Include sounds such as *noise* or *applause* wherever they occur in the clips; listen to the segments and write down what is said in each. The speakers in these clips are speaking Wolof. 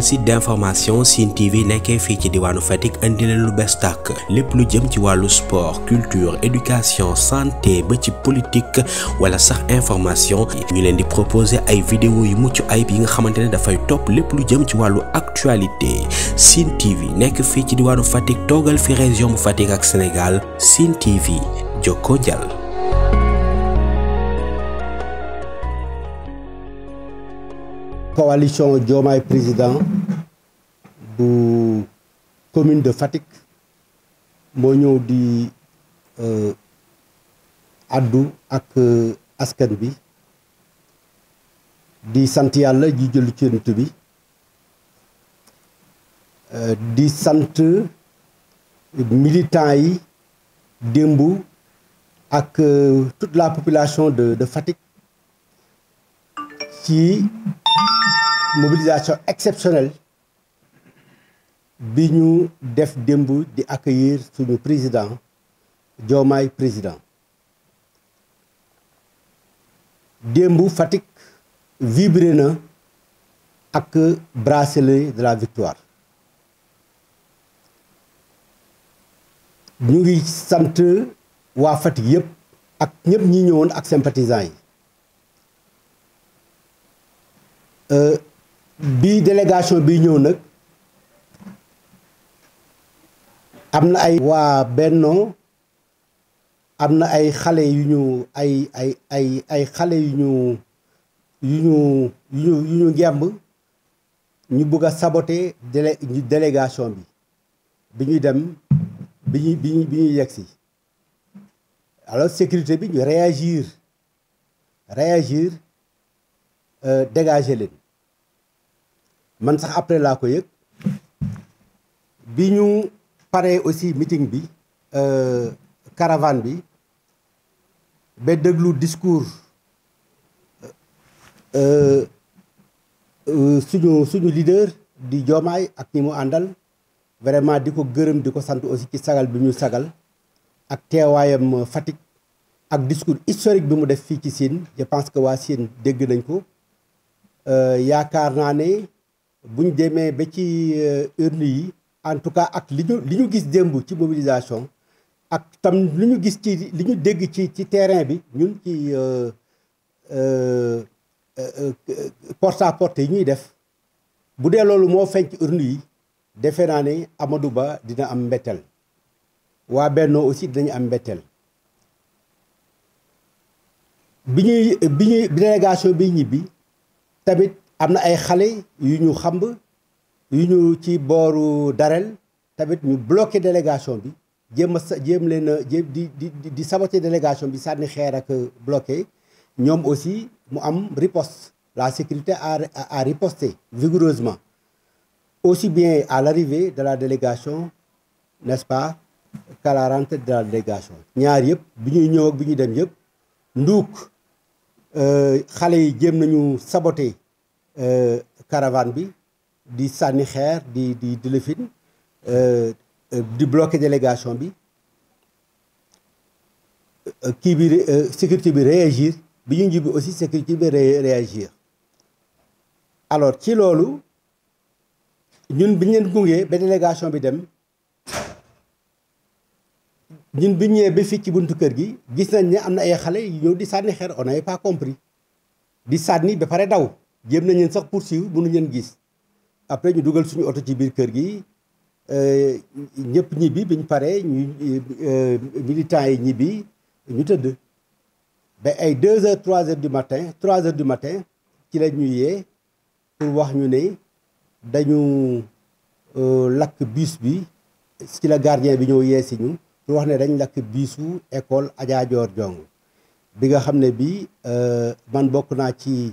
site d'information sin TV qu'un fichier ci diwanu Fatick andi leen lu bees tàkk plus lu jëm ci sport culture éducation santé ba ci politique wala sax information ñu leen di proposer ay vidéo yu muccu ay bi nga xamantene le top top lepp lu jëm ci walu actualité sin TV nek fi ci diwanu Fatick togal fi région bu ak Sénégal TV joko coalition Diomaye président du commune de Fatick moo ñëw di addu euh, ak euh, askan bi di sant yàlla ji jëlu cent bi euh, di sante militants yi dembu ak toute la population de de Fatick ci mobilisation exceptionnelle bi ñu def démb di accueillir suñu président Diomaye président démb Fatick vibré na ak bracelet de la victoire ñu ngi sant wa Fatick yëpp ak ñëpp ñi ñëwoon ak sympathisants yi euh, bii délégation bi ñëw nag am na ay waa bennoo am na ay xale yu ñu ay ay ay xale yu ñu yu ñu yu ñu yu ñu gemb ñu a saboter délégation bi bi ñuy dem bi ñuy bi ñuy bi ñuy yegg si alors sécurité bi ñu réagir réagir euh, dégager leen. man sax après laa ko yëg bi ñu paree aussi meeting bi euh, caravane bi ba déglu discours euh, euh, suñu suñu leader di Diomaye ak ñi mu àndal vraiment di ko gërëm di ko sant aussi ci sagal bi ñu sagal ak teewaayam Fatick ak discours historique bi mu def fii ci Sine je pense que waa Sine dégg nañ ko yaakaar naa ne bu ñu ba ci euh, urne yi en tout cas ak li ñu li ñu gis démb ci mobilisation ak tam li ñu gis ci li ñu dégg ci ci terrain bi ñun ci euh, euh, porte à porte yi ñuy def bu dee loolu moo feeñ ci yi defe naa ne amadu Ba dina am mbetteel waa benn aussi dinañu am mbetteel bi ñuy bi ñuy délégation bi ñibbi tamit. amna ay xalé yu ñu xamb yu ñu ci boru Darel tabit ñu bloqué délégation bi jëm jëm leen a di di di saboter délégation bi sanni xeer ak bloqué ñom aussi mu am riposte la sécurité a a riposté vigoureusement aussi bien à l'arrivée de la délégation n'est-ce pas qu'à la rentrée de la délégation ñaar yëpp bi ñuy ñëw ak bi ñuy dem yëpp euh xalé yi jëm nañu saboté euh, caravane bi di sànni xeer di di di euh, euh di bloquer délégation bi qui euh, bi sécurité bi réagir bi ñu njibbi aussi sécurité bi réagir alors ci lolu ñun biñ leen gungee ba délégation bi dem ñun biñ ñëwee ba fii ci buntu kër gi gis nañ ne am na ay xale ñëw di sànni xeer on n'avait pas compris di sànni ba paré daw jéem nañ leen sax poursuivre mënuñ leen gis après ñu dugal suñu oto ci biir kër gi euh, ñëpp ñibbi biñ paree ñu euh, militants yi ñibbi ñu tëdd ba ay deux heures trois heures du matin trois heures du matin ci la ñu yee pour wax ñu ne dañu euh, lakk bus bi ci la gardien bi ñëw yee si ñu pour wax ne dañ lakk bisu école Adja Dior bi nga xam ne bi man bokk naa ci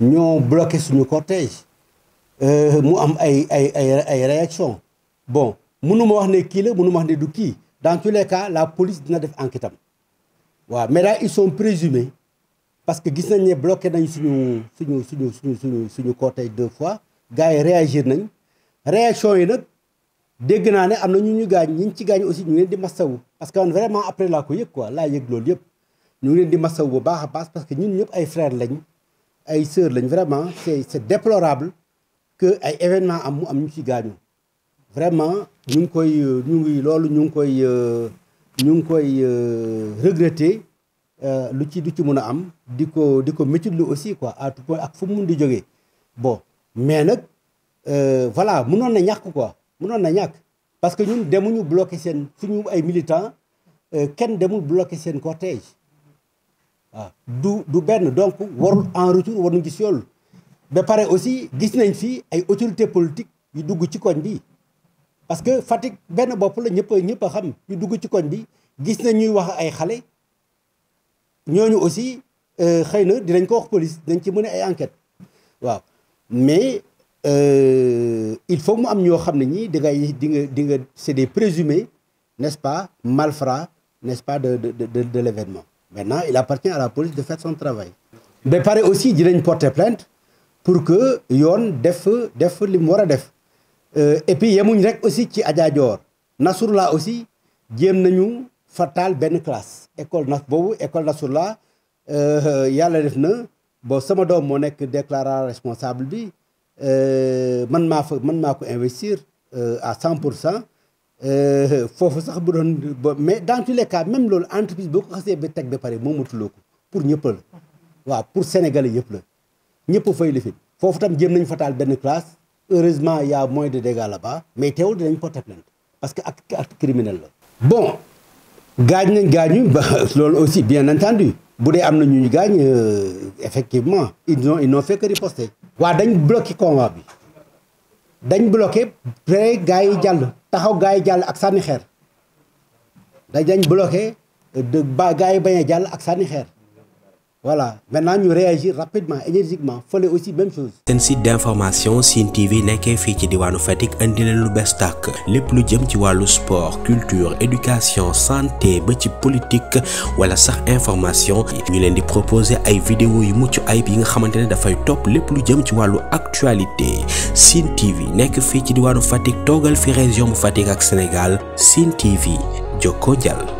ñoo bloqué suñu cortège euh mu am ay ay ay ay réaction bon mënuma wax né ki la mënuma wax né du ki dans tous les cas la police dina def enquête am waaw mais daal ils sont présumés parce que gis nañ né bloqué nañ suñu suñu suñu suñu suñu suñu cortège deux fois gars yi réagir nañ réaction yi nak dégg naa ne am na ñu ñu gaañ ñi ci gaañ aussi ñu leen di masawu parce que man vraiment après la ko yëg quoi laa yëg loolu yëpp ñu leen di masawu bu baax a baax parce que ñun ñëpp ay frères lañ ay sœur lañ vraiment c'est c'est déplorable que ay événement am am ñu ci gaañu vraiment ñu ngi koy ñu ngi loolu ñu ngi koy euh, ñu ngi koy euh, regretter euh, lu ci du ci mëna am diko diko di aussi quoi à tout point ak fu mu di jógee bon mais euh voilà mënon na ñak quoi mënon na ñak parce que ñun ñu bloquer sen suñu ay militants ken demul bloquer sen cortège ah. du du donc warul en retour war ci sol yoolu ba pare aussi gis nañ fi ay autorités politiques yu dugg ci koñ bi parce que fatik ben bop la ñëpp ñëpp xam yu dugg ci koñ bi gis nañ ñuy wax ay xalé ñoñu aussi euh xeyna dinañ ko wax police dinañ ci mën ay enquête waaw mais euh, il faut mu am ño xam ni ñi di nga di nga di nga c'est des présumés n'est-ce pas malfrats n'est-ce pas de de de de l'événement Maintenant, il appartient à la police de faire son travail. Mais pareil aussi une porte plainte pour que yoon def def ce mu war a euh, et puis il y a aussi ci Adja Dior sont aussi a nañu fataal aussi classe école nas L'école école euh, y a def na bon sama doom moo nekk déclaré responsable bi euh, man ma fa man investir à 100%. Euh, foofu sax bu doon mais dans tous les cas même l'entreprise beaucoup boo ko xasee ba teg ba pare moomatuloo ko pour ñëpp la waaw pour sénégalais yëpp la ñëpp fay lifin foofu tam jéem nañ fataal benn classe heureusement y a moins de dégâts là-bas mais teewul dinañ porter plainte parce que acte criminel bon gaañ nañ gaañu ba *laughs* aussi bien entendu bu dee am na ñu ñu gaañ euh, effectivement ils n'ont ils n'ont fait que riposter waa dañ bloqué convoi bi dañ bloqué pré gars yi jàll taxaw gars yi jàll ak sànni xeer dañ bloqué ba gars yi bañ a jàll ak sànni xeer voilà maintenant ñu réagir rapidement énergiquement fallait aussi même chose. C'est un site d'information, information Sine TV nekkee fii ci diwaanu Fatick indi leen lu bees tàkk plus lu jëm ci wàllu sport culture éducation santé ba ci politique wala sax information ñu leen di proposer ay vidéo yu mucc ayib yi nga xamante ne dafay top lépp lu jëm ci wàllu actualité Sine TV nekk fii ci diwaanu Fatick toogal fi région bu Fatick ak Sénégal Sine TV jokkoo jàll.